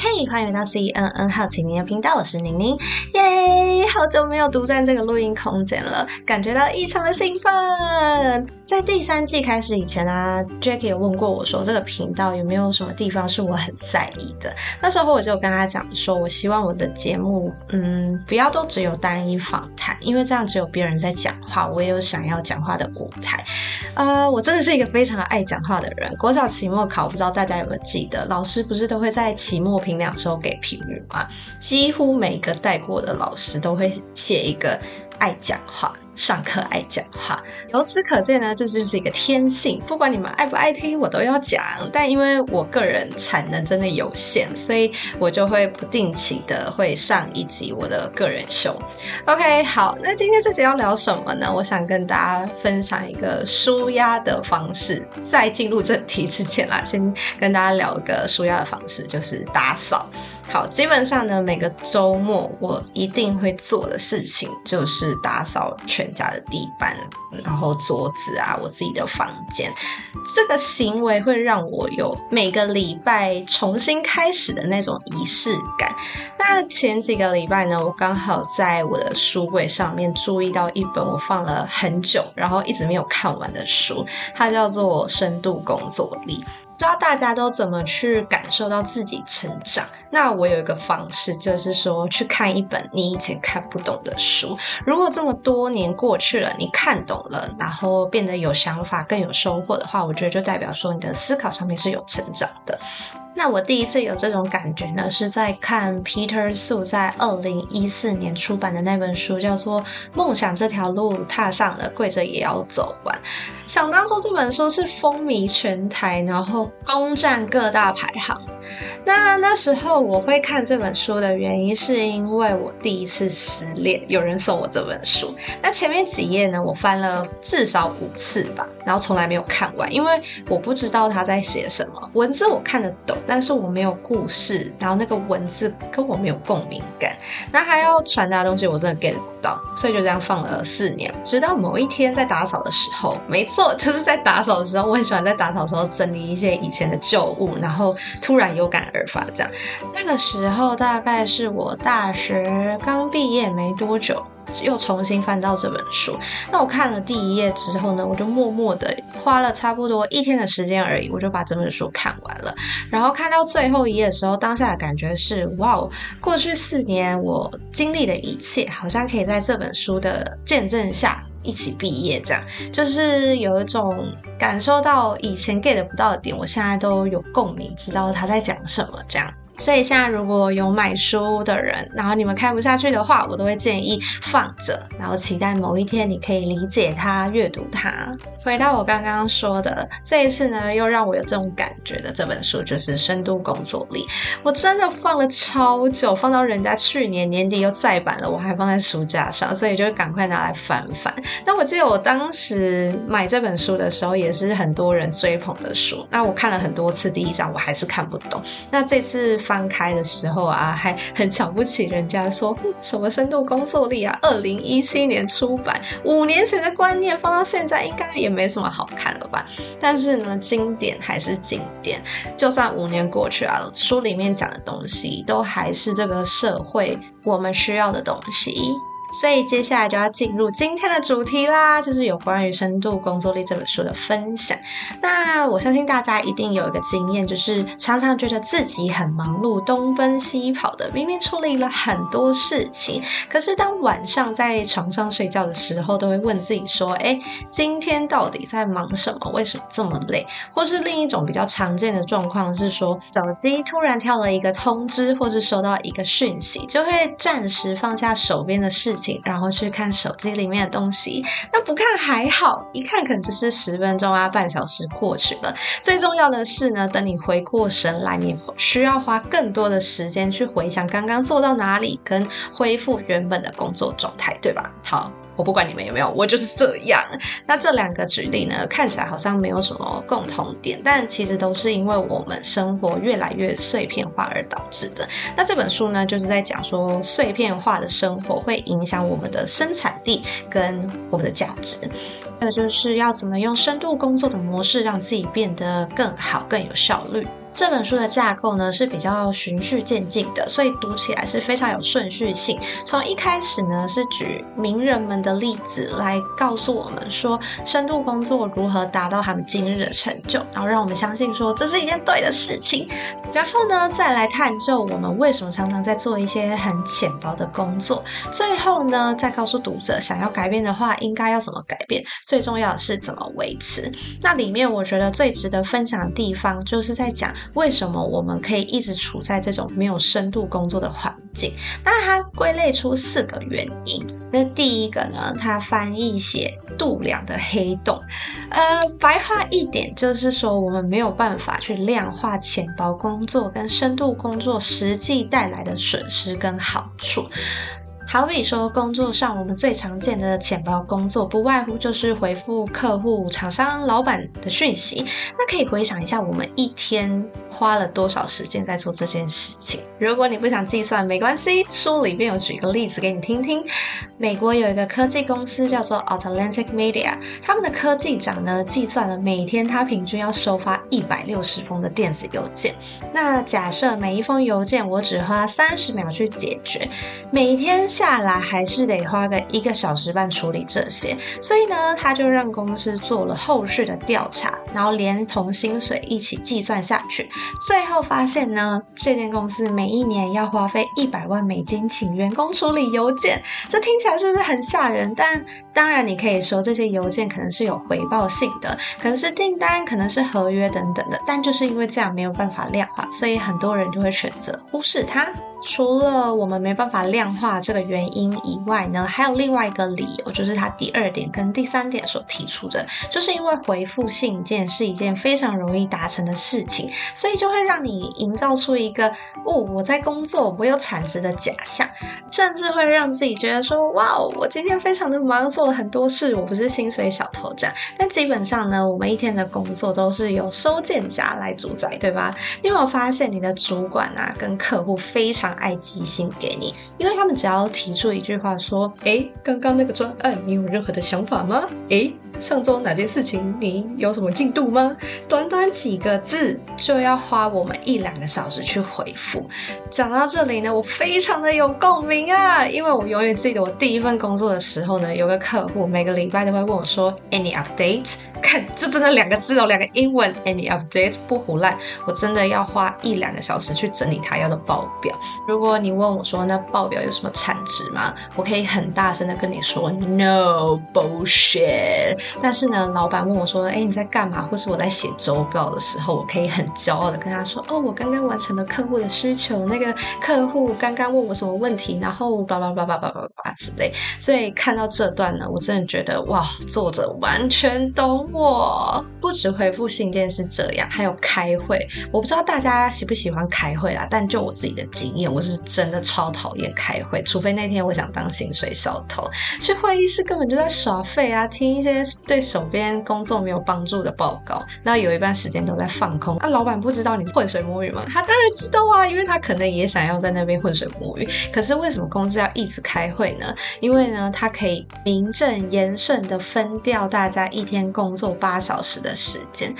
嘿，hey, 歡迎來到 CNN 好奇你的頻道，我是寧寧，耶、yeah！好久沒有獨佔這個錄音空間了，感覺到異常的興奮。在第三季開始以前呢、啊、Jackie 有問過我說，這個頻道有沒有什麼地方是我很在意的？那時候我就跟他講說，我希望我的節目，嗯，不要都只有單一訪談，因為這樣只有別人在講話，我也有想要講話的舞台。啊、uh，我真的是一個非常愛講話的人。國小期末考，不知道大家有沒有記得，老師不是都會在期末評兩周給評語啊，幾乎每一個帶過的老師都會寫一個愛講話。上課愛講話，由此可見呢，這就是一個天性。不管你們愛不愛聽，我都要講。但因為我個人產能真的有限，所以我就會不定期的會上一集我的個人秀。OK，好，那今天這集要聊什麼呢？我想跟大家分享一個紓壓的方式。在進入正題之前啦，先跟大家聊一個紓壓的方式，就是打掃。好，基本上呢，每個周末我一定會做的事情就是打掃全家的地板，然後桌子啊，我自己的房間。這個行為會讓我有每個禮拜重新開始的那種儀式感。那前幾個禮拜呢，我剛好在我的書櫃上面注意到一本我放了很久，然後一直沒有看完的書，它叫做《深度工作力》。知道，大家都怎麼去感受到自己成長？那我有一個方式，就是說去看一本你以前看不懂的書。如果這麼多年過去了，你看懂了，然後變得有想法、更有收穫的話，我覺得就代表說你的思考上面是有成長的。那我第一次有這種感覺呢，是在看 Peter Su 在二零一四年出版的那本書，叫做《夢想這條路踏上了，跪着也要走完》。想當初這本書是風靡全台，然後攻占各大排行。那那時候我會看這本書的原因，是因為我第一次失戀，有人送我這本書。那前面幾頁呢，我翻了至少五次吧，然後從來沒有看完，因為我不知道他在寫什麼，文字我看得懂。但是我沒有故事，然後那個文字跟我沒有共鳴感，那還要傳達的東西，我真的 get 不到，所以就這樣放了四年，直到某一天在打掃的時候，沒錯，就是在打掃的時候，我很喜歡在打掃的時候整理一些以前的舊物，然後突然有感而發，這樣，那個時候大概是我大學剛畢業沒多久。又重新翻到這本書，那我看了第一頁之後呢，我就默默地花了差不多一天的時間而已，我就把整本書看完了。然後看到最後一頁的時候，當下的感覺是：哇哦，過去四年我經歷的一切，好像可以在這本書的見證下一起畢業，這樣就是有一種感受到以前 get 不到的點，我現在都有共鳴，知道他在講什麼，這樣。所以現在如果有買書的人，然後你們看不下去的話，我都會建議放着，然後期待某一天你可以理解它、閱讀它。回到我剛剛說的，這一次呢，又讓我有這種感覺的這本書，就是《深度工作力》。我真的放了超久，放到人家去年年底又再版了，我還放在書架上，所以就趕快拿來翻翻。那我記得我當時買這本書的時候，也是很多人追捧的書。那我看了很多次第一章，我還是看不懂。那這次。翻開的時候啊，還很瞧不起人家說，說什麼深度工作力啊，二零一七年出版，五年前的觀念放到現在應該也沒什麼好看了吧？但是呢，經典還是經典，就算五年過去啊，書裡面講的東西都還是這個社會我們需要的東西。所以接下來就要進入今天的主題啦，就是有關於《深度工作力》這本書的分享。那我相信大家一定有一個經驗，就是常常覺得自己很忙碌，東奔西跑的，明明處理了很多事情，可是當晚上在床上睡覺的時候，都會問自己說：“哎，今天到底在忙什麼？為什麼這麼累？”或是另一種比較常見的狀況是說，手機突然跳了一個通知，或是收到一個訊息，就會暫時放下手邊的事情。然後去看手機裡面的東西，那不看還好，一看可能就是十分鐘啊，半小時過去了。最重要的是呢，等你回過神來，你需要花更多的時間去回想剛剛做到哪裡，跟恢復原本的工作狀態，對吧？好。我不管你們有沒有，我就是這樣。那這兩個舉例呢，看起來好像沒有什麼共同點，但其實都是因為我們生活越來越碎片化而導致的。那這本書呢，就是在講說，碎片化的生活會影響我們的生產力跟我們的價值。還有就是要怎麼用深度工作的模式，讓自己變得更好、更有效率。這本書的架構呢，是比較循序漸進的，所以讀起來是非常有順序性。從一開始呢，是舉名人們的例子來告訴我們說，深度工作如何達到他們今日的成就，然後讓我們相信說，這是一件對的事情。然後呢，再來探究我們為什麼常常在做一些很淺薄的工作，最後呢，再告訴讀者，想要改變的話應該要怎麼改變，最重要的是怎麼維持。那裡面我覺得最值得分享的地方就是在講。為什麼我們可以一直處在這種沒有深度工作的環境？那它歸類出四個原因。那第一個呢？它翻譯寫度量的黑洞。呃，白話一點就是說，我們沒有辦法去量化淺薄工作跟深度工作實際帶來的損失跟好處。好比說，工作上我們最常見的淺薄工作，不外乎就是回復客戶、廠商、老板的訊息。那可以回想一下，我們一天。花了多少時間在做這件事情？如果你不想計算，沒關係，書裡面有舉個例子給你聽聽。美國有一個科技公司叫做 Atlantic Media，他們的科技長呢，計算了每天他平均要收發一百六十封的電子郵件。那假設每一封郵件我只花三十秒去解決，每天下來還是得花個一個小時半處理這些。所以呢，他就讓公司做了後續的調查，然後連同薪水一起計算下去。最後發現呢，這間公司每一年要花費一百萬美金請員工處理郵件，這聽起來是不是很嚇人？但。當然，你可以說這些郵件可能是有回報性的，可能是訂單，可能是合約等等的。但就是因為這樣沒有辦法量化，所以很多人就會選擇忽視它。除了我們沒辦法量化這個原因以外呢，還有另外一個理由，就是他第二點跟第三點所提出的，就是因為回復信件是一件非常容易達成的事情，所以就會讓你營造出一個“哦，我在工作，我有產值”的假象，甚至會讓自己覺得說：“哇，我今天非常的忙。”做很多事我不是薪水小偷這樣，但基本上呢，我們一天的工作都是由收件夾來主宰，對吧？你有沒有發現你的主管啊，跟客戶非常愛寄信給你，因為他們只要提出一句話說，誒、欸，剛剛那個專案你有任何的想法嗎？誒、欸。上週哪件事情你有什麼進度嗎？短短幾個字就要花我們一兩個小時去回覆。講到這裡呢，我非常的有共鳴啊，因為我永遠記得我第一份工作的時候呢，有個客戶每個禮拜都會問我說，Any update？看，就真的兩個字哦，兩個英文，Any update？不唬爛，我真的要花一兩個小時去整理他要的報表。如果你問我說，那報表有什麼產值嗎？我可以很大聲的跟你說，No bullshit。但是呢，老板問我說：“哎，你在幹嘛？”或是我在寫周報的時候，我可以很驕傲的跟他說：“哦，我剛剛完成了客戶的需求。那個客戶剛剛問我什麼問題，然後叭叭叭叭叭叭叭之類。”所以看到這段呢，我真的覺得哇，作者完全懂我。不止回復信件是這樣，還有開會。我不知道大家喜不喜歡開會啦，但就我自己的經驗，我是真的超討厭開會，除非那天我想當薪水小偷，去會議室根本就在耍廢啊，聽一些。對手邊工作沒有幫助的報告，那有一半時間都在放空。那、啊、老闆不知道你混水摸魚嗎？他當然知道啊，因為他可能也想要在那邊混水摸魚。可是為什麼公司要一直開會呢？因為呢，他可以名正言順的分掉大家一天工作八小時的時間。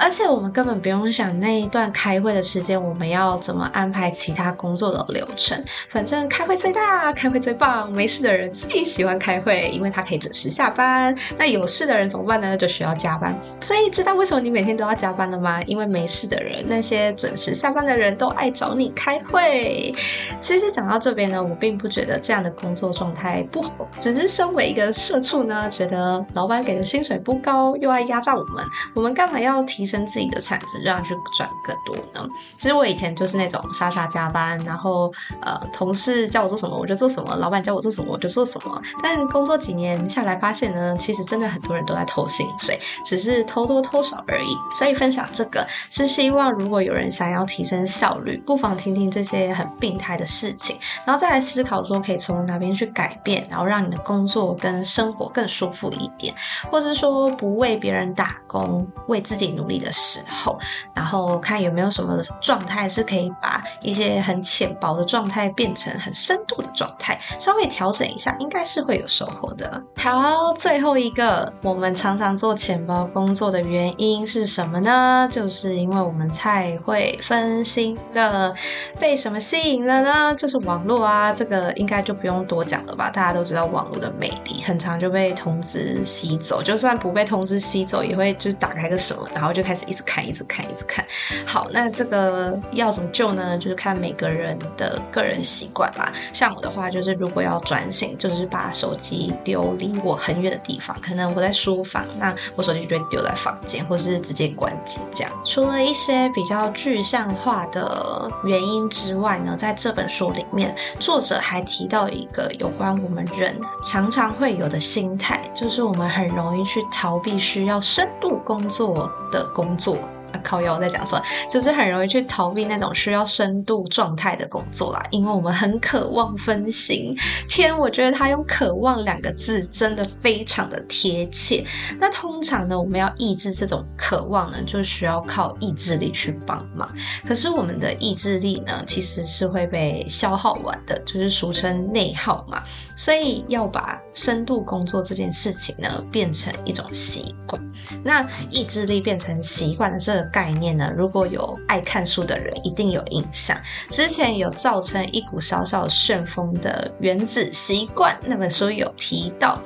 而且我們根本不用想那一段開會的時間，我們要怎麼安排其他工作的流程？反正開會最大，開會最棒，沒事的人最喜歡開會，因為他可以準時下班。那有事的人怎麼辦呢？就需要加班。所以知道為什麼你每天都要加班了嗎？因為沒事的人，那些準時下班的人都愛找你開會。其實講到這邊呢，我並不覺得這樣的工作狀態不好，只是身為一個社畜呢，覺得老板給的薪水不高，又愛壓榨我們，我們幹嘛要提？升自己的產值，讓去賺更多呢？其實我以前就是那種傻傻加班，然後呃，同事叫我做什麼我就做什麼，老闆叫我做什麼我就做什麼。但工作幾年你下來，發現呢，其實真的很多人都在偷薪水，只是偷多偷少而已。所以分享這個是希望，如果有人想要提升效率，不妨聽聽這些很病態的事情，然後再來思考說可以從哪邊去改變，然後讓你的工作跟生活更舒服一點，或者說不為別人打工，為自己努力。的時候，然後看有沒有什麼狀態是可以把一些很淺薄的狀態變成很深度的狀態，稍微調整一下，應該是會有收穫的。好，最後一個，我們常常做淺薄工作的原因是什麼呢？就是因為我們太會分心了，被什麼吸引了呢？就是網絡啊，這個應該就不用多講了吧？大家都知道網絡的魅力，很常就被通知吸走，就算不被通知吸走，也會就是打開個什麼，然後就。開始一直看，一直看，一直看。好，那這個要怎麼救呢？就是看每個人的個人習慣吧。像我的話，就是如果要轉型，就是把手機丟離我很遠的地方。可能我在書房，那我手機就會丟在房間，或是直接關機這樣。除了一些比較具象化的原因之外呢，在這本書裡面，作者還提到一個有關我們人常常會有的心態，就是我們很容易去逃避需要深度工作的工作。靠腰在講說，就是很容易去逃避那種需要深度狀態的工作啦，因為我們很渴望分心。天，我覺得他用“渴望”兩個字真的非常的貼切。那通常呢，我們要抑制這種渴望呢，就需要靠意志力去幫忙。可是我們的意志力呢，其實是會被消耗完的，就是俗稱內耗嘛。所以要把深度工作這件事情呢，變成一種習慣。那意志力變成習慣的時候。的概念呢，如果有愛看書的人，一定有印象。之前有造成一股小小旋風的《原子習慣》那本書有提到，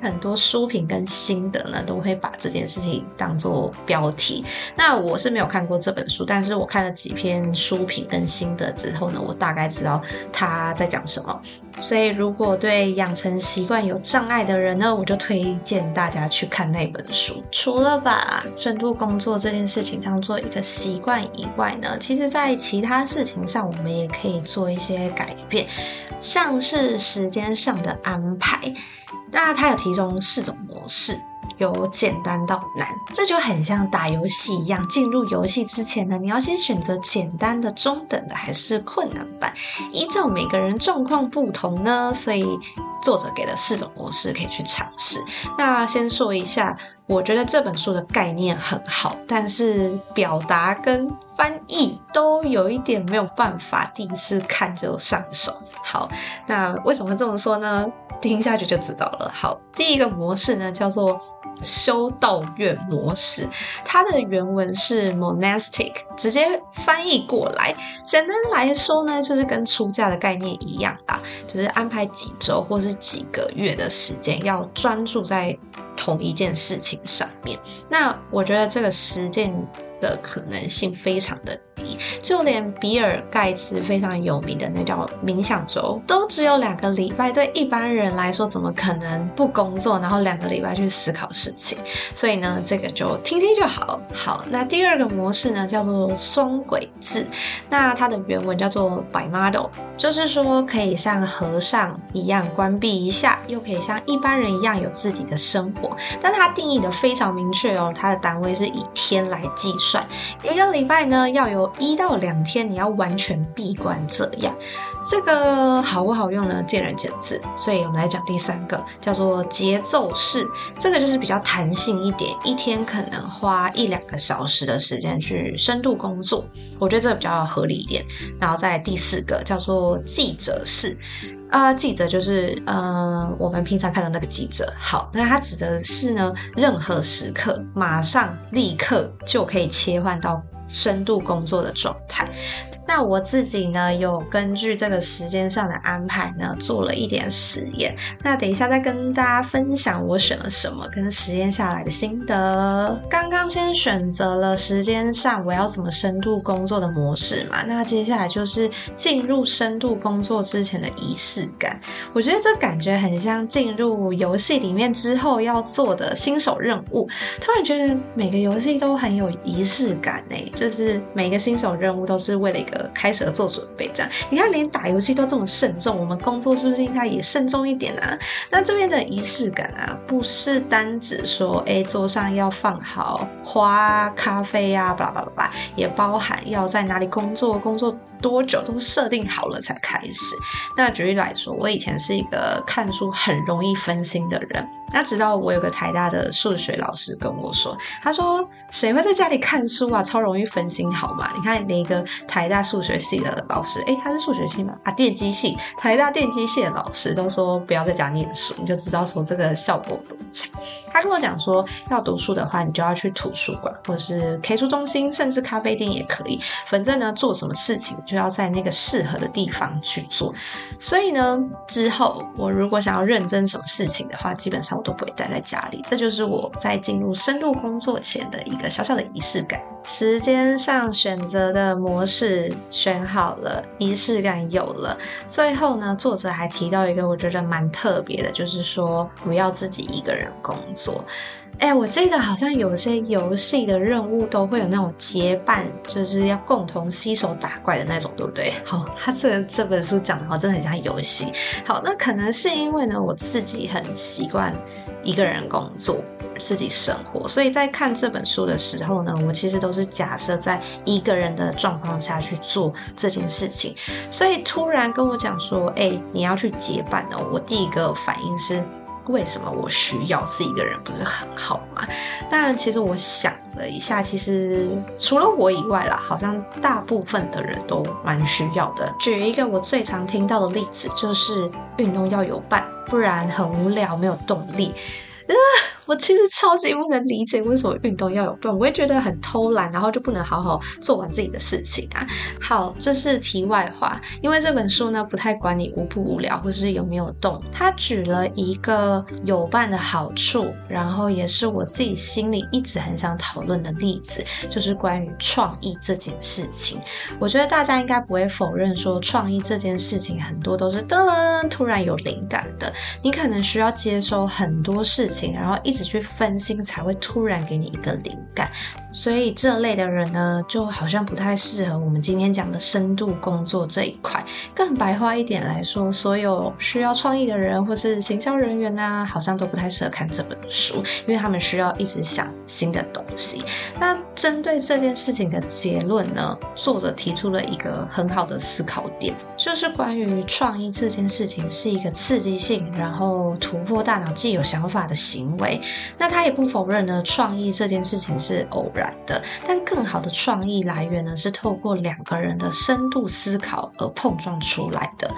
很多書評跟心得呢，都會把這件事情當做標題。那我是沒有看過這本書，但是我看了幾篇書評跟心得之後呢，我大概知道他在講什麼。所以，如果對養成習慣有障礙的人呢，我就推薦大家去看那本書。除了把深度工作這件事情這樣做一個習慣以外呢，其實在其他事情上，我們也可以做一些改變，像是時間上的安排。那它有提供四種模式，由簡單到難，這就很像打遊戲一樣，進入遊戲之前呢，你要先選擇簡單的、中等的還是困難版。依照每個人狀況不同呢，所以作者給了四種模式可以去嘗試。那先說一下。我覺得這本書的概念很好，但是表達跟翻譯都有一點沒有辦法，第一次看就上手。好，那為什麼這麼說呢？聽下去就知道了。好，第一個模式呢，叫做。修道院模式，它的原文是 monastic，直接翻譯過來。簡單來說呢，就是跟出家的概念一樣啊，就是安排幾週或是幾個月的時間，要專注在同一件事情上面。那我覺得這個實踐的可能性非常的大。就連比爾蓋茨非常有名的那叫冥想周，都只有兩個禮拜。對一般人來說，怎麼可能不工作，然後兩個禮拜去思考事情？所以呢，這個就聽聽就好。好，那第二個模式呢，叫做雙軌制。那它的原文叫做 bimodal，就是說可以像和尚一樣關閉一下，又可以像一般人一樣有自己的生活。但它定義的非常明確哦，它的單位是以天來計算，一個禮拜呢，要有，一到兩天，你要完全閉關，這樣這個好不好用呢？見仁見智。所以我們來講第三個，叫做節奏式，這個就是比較彈性一點，一天可能花一兩個小時的時間去深度工作，我覺得這個比較合理一點。然後在第四個叫做記者式，呃，記者就是，呃，我們平常看到那個記者。好，那他指的是呢，任何時刻，馬上立刻就可以切換到。深度工作的狀態。那我自己呢，有根據這個時間上的安排呢，做了一點實驗。那等一下再跟大家分享我選了什麼，跟實驗下來的心得。剛剛先選擇了時間上我要怎麼深度工作的模式嘛，那接下來就是進入深度工作之前的儀式感。我覺得這感覺很像進入遊戲裡面之後要做的新手任務。突然覺得每個遊戲都很有儀式感呢，欸，就是每個新手任務都是為了一個。開始做準備，這樣你看，連打遊戲都這麼慎重，我們工作是不是應該也慎重一點呢？啊？那這邊的儀式感啊，不是單指說，哎、欸，桌上要放好花、咖啡啊，巴拉巴拉巴拉，也包含要在哪裡工作、工作多久都設定好了才開始。那舉例來說，我以前是一個看書很容易分心的人。那直到我有個台大的數學老師跟我說，他說：“誰會在家裡看書啊？超容易分心，好嗎？你看連一個台大數學系的老師，哎、欸，他是數學系嗎？啊，電機系，台大電機系的老師都說不要在家念書，你就知道說這個效果多差。”他跟我講說，要讀書的話，你就要去圖書館，或者是 K 書中心，甚至咖啡店也可以。反正呢，做什麼事情就要在那個適合的地方去做。所以呢，之後我如果想要認真什麼事情的話，基本上我都不會待在家裡，這就是我在進入深度工作前的一個小小的儀式感。時間上選擇的模式選好了，儀式感有了。最後呢，作者還提到一個我覺得蠻特別的，就是說不要自己一個人工作。哎、欸，我記得好像有些遊戲的任務都會有那種結伴，就是要共同攜手打怪的那種，對不對？好，他這個、這本書講的好像真的很像遊戲。好，那可能是因為呢，我自己很習慣一個人工作、自己生活，所以在看這本書的時候呢，我其實都是假設在一個人的狀況下去做這件事情。所以突然跟我講說，哎、欸，你要去結伴哦，我第一個反應是。為什麼我需要？是一個人不是很好嗎？但其實我想了一下，其實除了我以外啦，好像大部分的人都蠻需要的。舉一個我最常聽到的例子，就是運動要有伴，不然很無聊，沒有動力。啊我其實超級不能理解為什麼運動要有伴，我會覺得很偷懶，然後就不能好好做完自己的事情啊。好，這是題外話，因為這本書呢不太管你無不無聊或是有沒有動。他舉了一個有伴的好處，然後也是我自己心裡一直很想討論的例子，就是關於創意這件事情。我覺得大家應該不會否認說，創意這件事情很多都是噔噔，突然有靈感的，你可能需要接收很多事情，然後一。只去分心，才會突然給你一個靈感。所以這類的人呢，就好像不太適合我們今天講的深度工作這一塊。更白話一點來說，所有需要創意的人或是行銷人員吶、啊，好像都不太適合看這本書，因為他們需要一直想新的東西。那針對這件事情的結論呢，作者提出了一個很好的思考點，就是關於創意這件事情是一個刺激性，然後突破大腦既有想法的行為。那他也不否認呢，創意這件事情是偶然。的，但更好的創意來源呢，是透過兩個人的深度思考而碰撞出來的。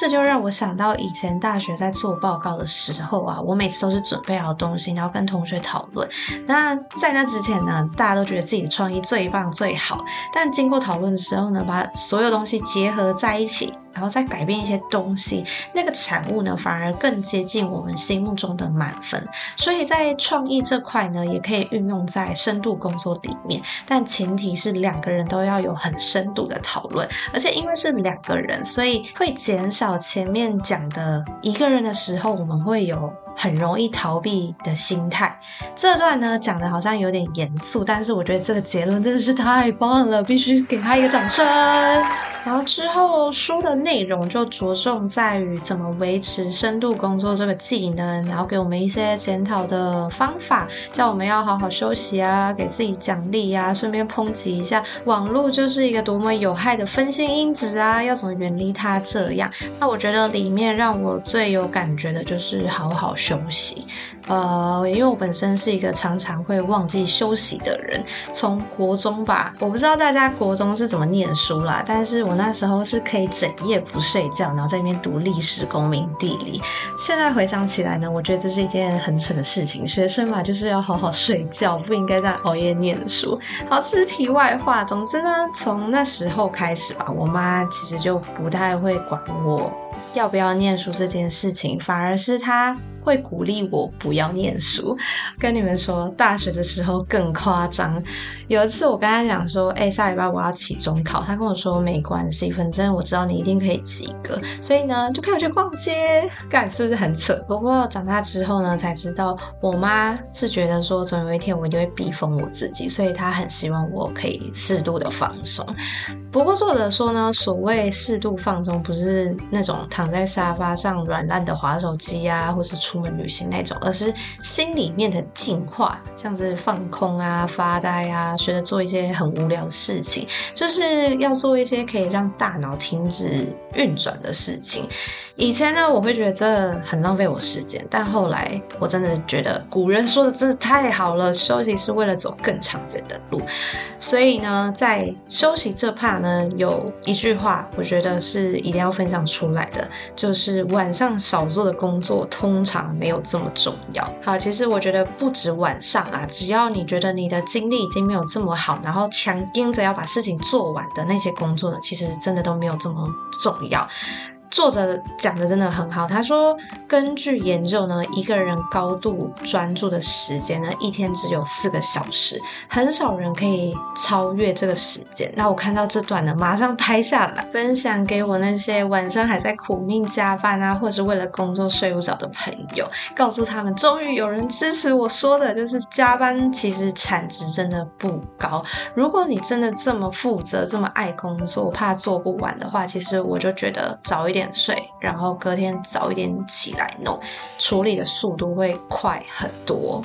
這就讓我想到以前大學在做報告的時候啊，我每次都是準備好東西，然後跟同學討論。那在那之前呢，大家都覺得自己的創意最棒最好，但經過討論的時候呢，把所有東西結合在一起。然後再改變一些東西，那個產物呢，反而更接近我們心目中的滿分。所以在創意這塊呢，也可以運用在深度工作裡面，但前提是兩個人都要有很深度的討論，而且因為是兩個人，所以會減少前面講的一個人的時候，我們會有，很容易逃避的心態。這段呢講的好像有點嚴肅，但是我覺得這個結論真的是太棒了，必須給他一個掌聲。 然後之後書的內容就着重在於怎麼維持深度工作這個技能，然後給我們一些檢討的方法，叫我們要好好休息啊，給自己獎勵啊，順便抨擊一下網絡就是一個多麼有害的分心因子啊，要怎麼遠離它這樣。那我覺得裡面讓我最有感覺的就是好好學。休息，呃，因為我本身是一個常常會忘記休息的人。從國中吧，我不知道大家國中是怎麼念書啦，但是我那時候是可以整夜不睡覺，然後在那邊讀歷史、公民、地理。現在回想起來呢，我覺得這是一件很蠢的事情。學生嘛，就是要好好睡覺，不應該再熬夜念書。好，是題外話。總之呢，從那時候開始吧，我媽其實就不太會管我。要不要念書這件事情，反而是他會鼓勵我不要念書。跟你們說，大學的時候更誇張。有一次我跟他講說，哎、欸，下禮拜我要期中考，他跟我說沒關係，反正我知道你一定可以及格，所以呢就陪我去逛街，看是不是很扯？不過長大之後呢，才知道我媽是覺得說，總有一天我一定會逼瘋我自己，所以她很希望我可以適度的放鬆。不過作者說呢，所謂適度放鬆，不是那種躺在沙發上軟爛的滑手機啊，或是出門旅行那種，而是心裡面的淨化，像是放空啊、發呆啊。學着做一些很無聊的事情，就是要做一些可以讓大腦停止運轉的事情。以前呢，我會覺得這很浪費我時間，但後來我真的覺得古人說的真的太好了，休息是為了走更長遠的路。所以呢，在休息這 part 呢，有一句話，我覺得是一定要分享出來的，就是晚上少做的工作通常沒有這麼重要。好，其實我覺得不止晚上啊，只要你覺得你的精力已經沒有這麼好，然後強硬著要把事情做完的那些工作呢，其實真的都沒有這麼重要。作者講的真的很好，他說根據，研究呢，一個人高度專注的時間呢，一天只有四個小時，很少人可以超越這個時間。那我看到這段呢，馬上拍下來分享給我那些晚上還在苦命加班啊，或是為了工作睡不着的朋友，告訴他們，終於有人支持我說的，就是加班其實產值真的不高。如果你真的這麼負責，這麼愛工作，怕做不完的話，其實我就覺得早一點。睡，然後隔天早一點起來弄，處理的速度會快很多。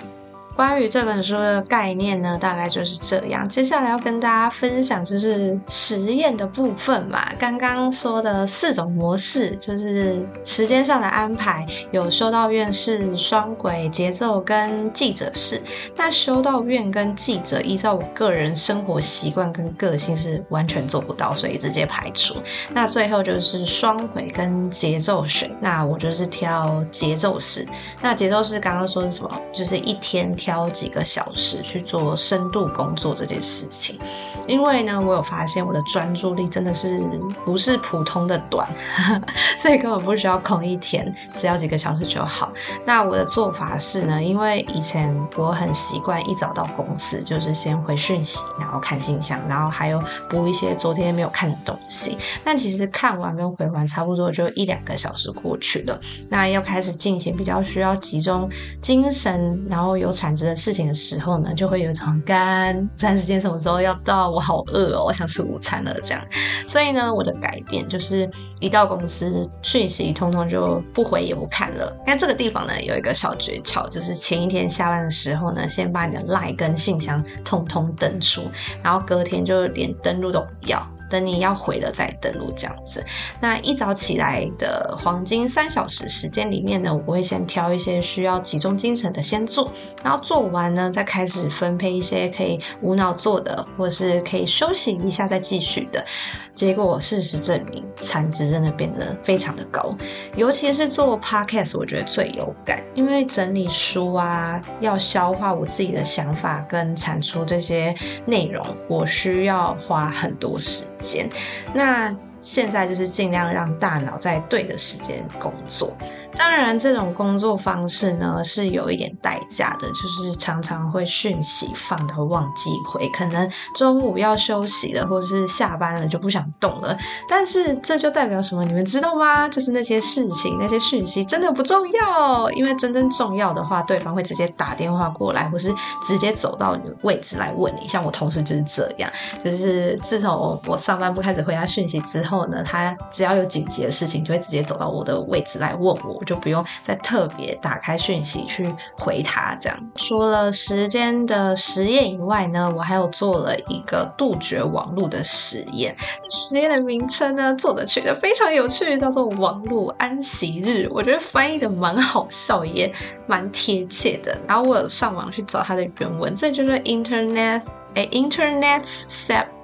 關於這本書的概念呢，大概就是這樣。接下來要跟大家分享，就是實驗的部分嘛。剛剛說的四種模式，就是時間上的安排，有修道院式、雙軌節奏跟記者式。那修道院跟記者依照我個人生活習慣跟個性是完全做不到，所以直接排除。那最後就是雙軌跟節奏選，那我就是挑節奏式。那節奏式剛剛說是什麼？就是一天挑，交幾個小時去做深度工作這件事情，因為呢，我有發現我的專注力真的是不是普通的短，呵呵，所以根本不需要空一天，只要幾個小時就好。那我的做法是呢，因為以前我很習慣一早到公司，就是先回訊息，然後看信箱，然後還有補一些昨天沒有看的東西。但其實看完跟回完差不多，就一兩個小時過去了。那要開始進行比較需要集中精神，然後有產。的事情的時候呢，就會有一種乾，這段時間什麼時候要到？我好餓哦，我想吃午餐了這樣。所以呢，我的改變就是一到公司，訊息通通就不回也不看了。那這個地方呢，有一個小訣竅，就是前一天下班的時候呢，先把你的 LINE 跟信箱通通登出，然後隔天就連登錄都不要。等你要回了再登錄這樣子。那一早起來的黃金三小時時間裡面呢，我會先挑一些需要集中精神的先做，然後做完呢再開始分配一些可以無腦做的，或是可以休息一下再繼續的。結果事實證明，產值真的變得非常的高，尤其是做 podcast，我覺得最有感，因為整理書啊，要消化我自己的想法跟產出這些內容，我需要花很多時間。那現在就是盡量讓大腦在對的時間工作。當然，這種工作方式呢，是有一點代價的，就是常常會訊息放到忘記回，可能中午要休息了，或者是下班了就不想動了。但是這就代表什麼？你們知道嗎？就是那些事情、那些訊息真的不重要，因為真正重要的話，對方會直接打電話過來，或是直接走到你的位置來問你。像我同事就是這樣，就是自從我上班不開始回答訊息之後呢，他只要有緊急的事情，就會直接走到我的位置來問我。我就不用再特別打開訊息去回他這樣。除了時間的實驗以外呢，我還有做了一個杜絕網路的實驗。實驗的名稱呢，做的取得非常有趣，叫做“網路安息日”。我覺得翻譯的蠻好笑，也蠻貼切的。然後我有上網去找它的原文，這就是 “Internet”。Internet Sabbath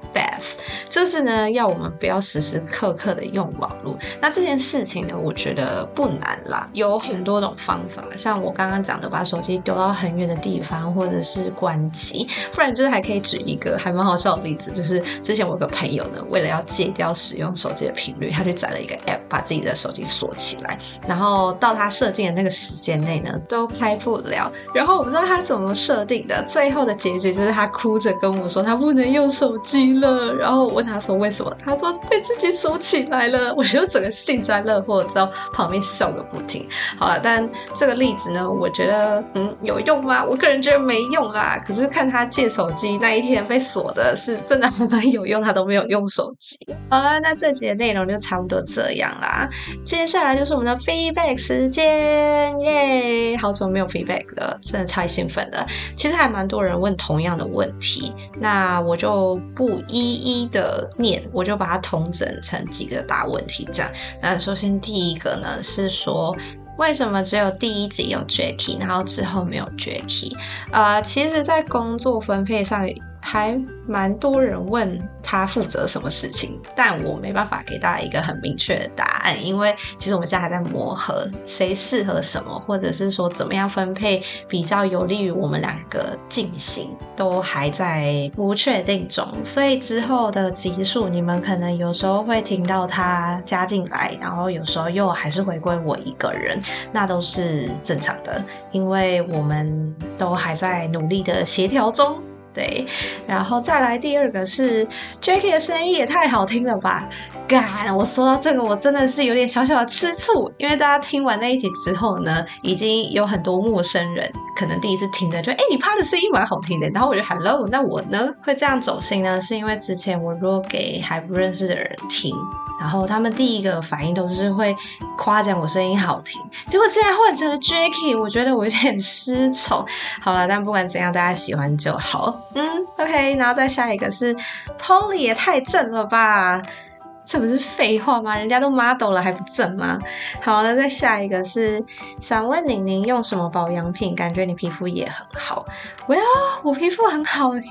這是呢，要我們不要時時刻刻的用網絡。那這件事情呢，我覺得不難啦，有很多種方法。像我剛剛講的，把手機丟到很遠的地方，或者是關機。不然就是還可以舉一個還蠻好笑的例子，就是之前我有個朋友呢，為了要戒掉使用手機的頻率，他就載了一個 App，把自己的手機鎖起來，然後到他設定的那個時間內呢，都開不了。然後我不知道他怎麼設定的，最後的結局就是他哭着。跟我說他不能用手機了，然後我問他說為什麼，他說被自己鎖起來了。我就整個幸災樂禍，在旁邊笑個不停。好了，但這個例子呢，我覺得嗯有用嗎？我個人覺得沒用啦。可是看他借手機那一天被鎖的是真的，還蠻有用，他都沒有用手機。好了，那這集的內容就差不多這樣啦。接下來就是我們的 feedback 時間耶！好久沒有 feedback 了，真的太興奮了。其實還蠻多人問同樣的問題。那我就不一一的念，我就把它統整成幾個大問題這樣。那首先第一個呢是說，為什麼只有第一集有決題，然後之後沒有決題。呃，其實在工作分配上。還蠻多人問他負責什麼事情，但我沒辦法給大家一個很明確的答案，因為其實我們現在還在磨合，誰適合什麼，或者是說怎麼樣分配比較有利於我們兩個進行，都還在不確定中。所以之後的集數，你們可能有時候會聽到他加進來，然後有時候又還是回歸我一個人，那都是正常的，因為我們都還在努力的協調中。對，然後再來第二個是 Jackie 的聲音也太好聽了吧！嘎，我說到這個，我真的是有點小小的吃醋，因為大家聽完那一集之後呢，已經有很多陌生人可能第一次聽的，就、欸、哎，你拍的聲音蠻好聽的。然後我就 Hello，那我呢會這樣走心呢，是因為之前我如果給還不認識的人聽。然後他們第一個反應都是會誇獎我聲音好聽，結果現在換成了 Jackie，我覺得我有點失寵。好了，但不管怎樣，大家喜歡就好。嗯，OK，然後再下一個是 Polly，也太正了吧。這不是廢話嗎？人家都 model 了還不正嗎？好了，那再下一個是想問寧寧用什麼保養品？感覺你皮膚也很好。喂、well，我皮膚很好？你，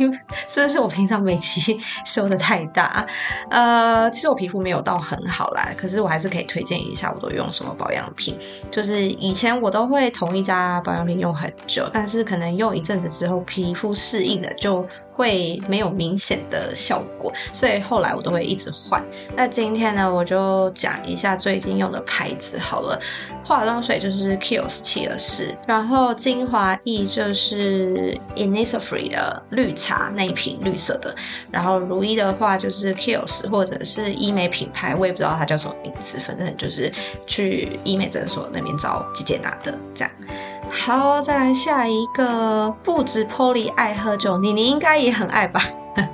是不是我平常美肌修的太大？呃，其實我皮膚沒有到很好啦。可是我還是可以推薦一下，我都用什麼保養品。就是以前我都會同一家保養品用很久，但是可能用一陣子之後，皮膚適應了就，會沒有明顯的效果，所以後來我都會一直換。那今天呢，我就講一下最近用的牌子好了。化妝水就是 Kiehl's 契爾氏然後精華液就是 Innisfree 的綠茶那一瓶綠色的。然後乳液的話就是 Kiehl's 或者是醫美品牌，我也不知道它叫什麼名字，反正就是去醫美診所那邊找直接拿的這樣。好，再來下一個。不止 Polly 愛喝酒，寧寧應該也很愛吧？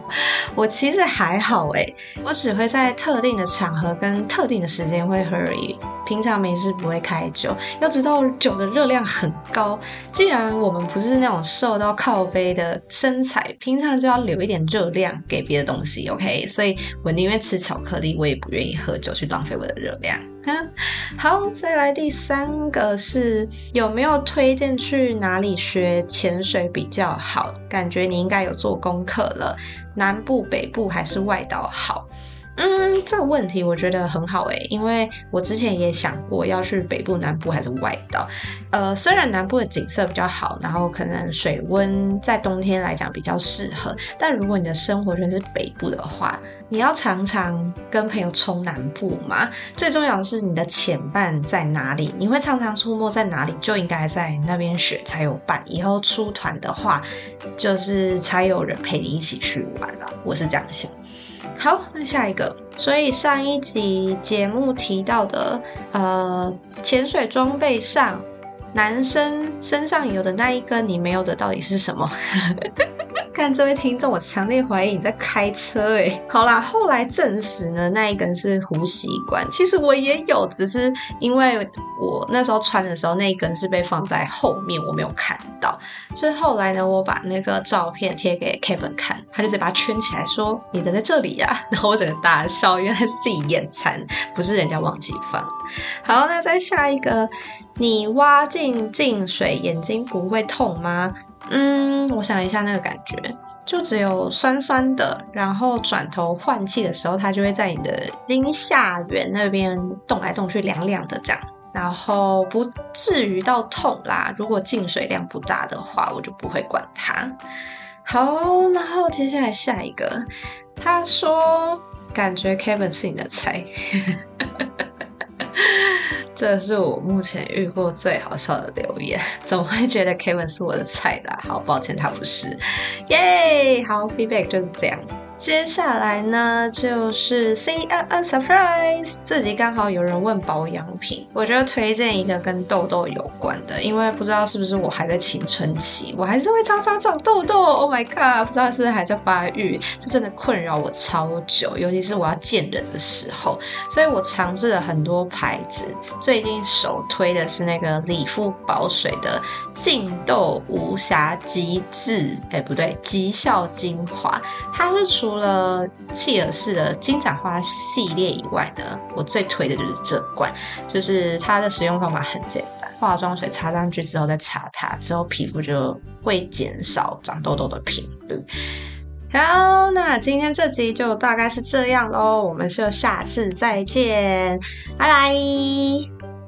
我其實還好誒、欸、我只會在特定的場合跟特定的時間會喝而已，平常沒事不會開酒。要知道酒的熱量很高，既然我們不是那種瘦到靠杯的身材，平常就要留一點熱量給別的東西。OK，所以我寧願吃巧克力，我也不願意喝酒去浪費我的熱量。 好，再來第三個是有沒有推薦去哪裡學潛水比較好？感覺你應該有做功課了，南部、北部還是外島好？嗯，這個問題我覺得很好哎、欸，因為我之前也想過要去北部、南部還是外島。呃，雖然南部的景色比較好，然後可能水溫在冬天來講比較適合，但如果你的生活圈是北部的話，你要常常跟朋友衝南部嘛。最重要的是你的潛伴在哪裡，你會常常出沒在哪裡，就應該在那邊學才有伴。以後出團的話，就是才有人陪你一起去玩了、啊。我是這樣想。好，那下一個，所以上一集節目提到的，呃，潛水裝備上，男生身上有的那一根你沒有的，到底是什麼？ 看這位聽眾，我強烈懷疑你在開車哎、欸！好啦，後來證實呢，那一根是呼吸管。其實我也有，只是因為我那時候穿的時候，那一根是被放在後面，我沒有看到。所以後來呢，我把那個照片貼給 Kevin 看，他就直接把它圈起來說：“你的在這裡呀、啊！”然後我整個大笑，原來是自己眼殘，不是人家忘記放。好，那再下一個，你挖進進水，眼睛不會痛嗎？嗯，我想一下那個感覺，就只有酸酸的，然後轉頭換氣的時候，它就會在你的筋下緣那邊動來動去，涼涼的這樣，然後不至於到痛啦。如果進水量不大的話，我就不會管它。好，然後接下來下一個，他說感覺 Kevin 是你的菜。 這是我目前遇過最好笑的留言，怎麼會覺得 Kevin 是我的菜啦，啊？好抱歉他不是，耶，好，feedback 就是這樣。接下來呢，就是 CNN Surprise。這集剛好有人問保養品，我就推薦一個跟痘痘有關的，因為不知道是不是我還在青春期，我還是會常常長痘痘。Oh my god，不知道是不是還在發育，這真的困擾我超久，尤其是我要見人的時候。所以我嘗試了很多牌子，最近首推的是那個理膚寶水的淨痘無瑕極致，哎、欸，不對，極效精華，它是除。除了契爾氏的金盞花系列以外的我最推的就是這罐，就是它的使用方法很簡單，化妝水擦上去之後再擦它，之後皮膚就會減少長痘痘的頻率。好，那今天這集就大概是這樣嘍，我們就下次再見，拜拜。